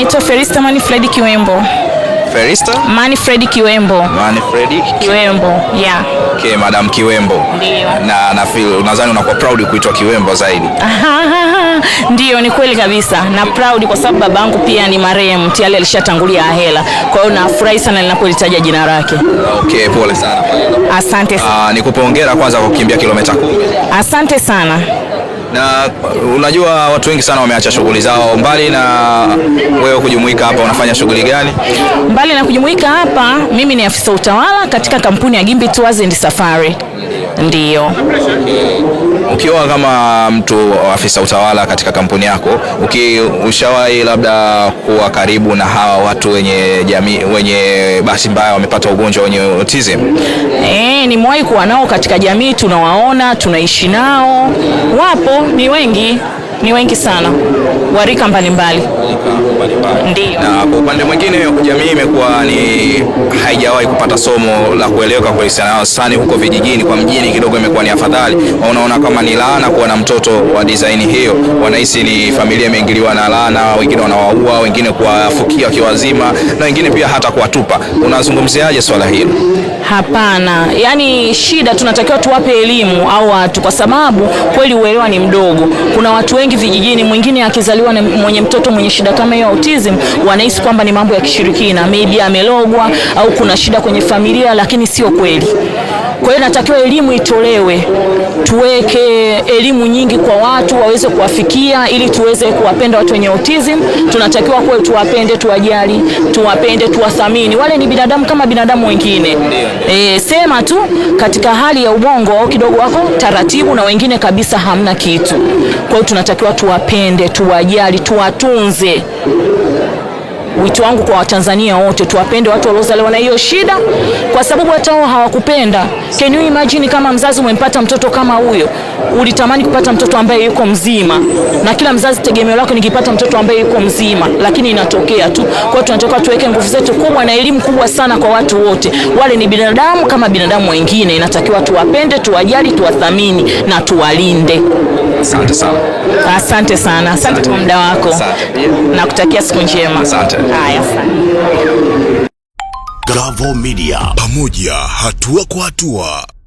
Naitwa Ferista Manfred Kiwembo. Ferista? Manfred Kiwembo. Manfred Kiwembo. Yeah. Okay, Madam Kiwembo. Ndio. Na na feel unadhani unakuwa proud kuitwa Kiwembo zaidi. Ndio, ni kweli kabisa. Na proud kwa sababu babangu pia ni marehemu, tayari alishatangulia ahela. Kwa hiyo nafurahi sana ninapolitaja jina lake. Okay, pole sana. Asante sana. Ah, nikupongeza kwanza kwa kukimbia kilomita 10. Asante sana na unajua watu wengi sana wameacha shughuli zao. Mbali na wewe kujumuika hapa, unafanya shughuli gani? Mbali na kujumuika hapa, mimi ni afisa utawala katika kampuni ya Gimbi Tours and Safari. ndio ukiwa kama mtu afisa utawala katika kampuni yako, ushawahi labda kuwa karibu na hawa watu wenye jamii wenye basi mbaya wamepata ugonjwa wenye autism? Eh, nimewahi kuwa nao katika jamii, tunawaona tunaishi nao, wapo ni wengi, ni wengi sana wa rika mbalimbali. Ndio. Na kwa upande mwingine, jamii imekuwa ni haijawahi kupata somo la kueleweka kwa nao sana huko vijijini. Kwa mjini kidogo imekuwa ni afadhali, Unaona kama ni laana kuwa na mtoto wa design hiyo, wanahisi ni familia imeingiliwa na laana, wengine wanawaua, wengine kuwafukia wakiwa wazima, na wengine pia hata kuwatupa. Unazungumziaje swala hilo? Hapana, yani shida tunatakiwa tuwape elimu au watu, kwa sababu kweli uelewa ni mdogo. Kuna watu wengi vijijini, mwingine akizali anazaliwa na mwenye mtoto mwenye shida kama hiyo autism, wanahisi kwamba ni mambo ya kishirikina, maybe amelogwa au kuna shida kwenye familia, lakini sio kweli. Kwa hiyo natakiwa elimu itolewe, tuweke elimu nyingi kwa watu waweze kuwafikia, ili tuweze kuwapenda watu wenye autism. Tunatakiwa kuwa tuwapende, tuwajali, tuwapende, tuwathamini. Wale ni binadamu kama binadamu wengine e, sema tu katika hali ya ubongo au kidogo wako taratibu na wengine kabisa hamna kitu. Kwa hiyo tunatakiwa tuwapende, tuwajali, tuwatunze wito wangu kwa Watanzania wote tuwapende watu waliozaliwa na hiyo shida, kwa sababu hata wao hawakupenda. Can you imagine kama mzazi umempata mtoto kama huyo? Ulitamani kupata mtoto ambaye yuko mzima, na kila mzazi tegemeo lako nikipata mtoto ambaye yuko mzima, lakini inatokea tu. Kwa hiyo tunatoka tuweke nguvu zetu kubwa na elimu kubwa sana kwa watu wote. Wale ni binadamu kama binadamu wengine, inatakiwa tuwapende, tuwajali, tuwathamini na tuwalinde. Asante sana. Asante sana, asante kwa muda wako na kutakia siku njema. Asante. Haya, Gavoo Media, pamoja hatua kwa hatua.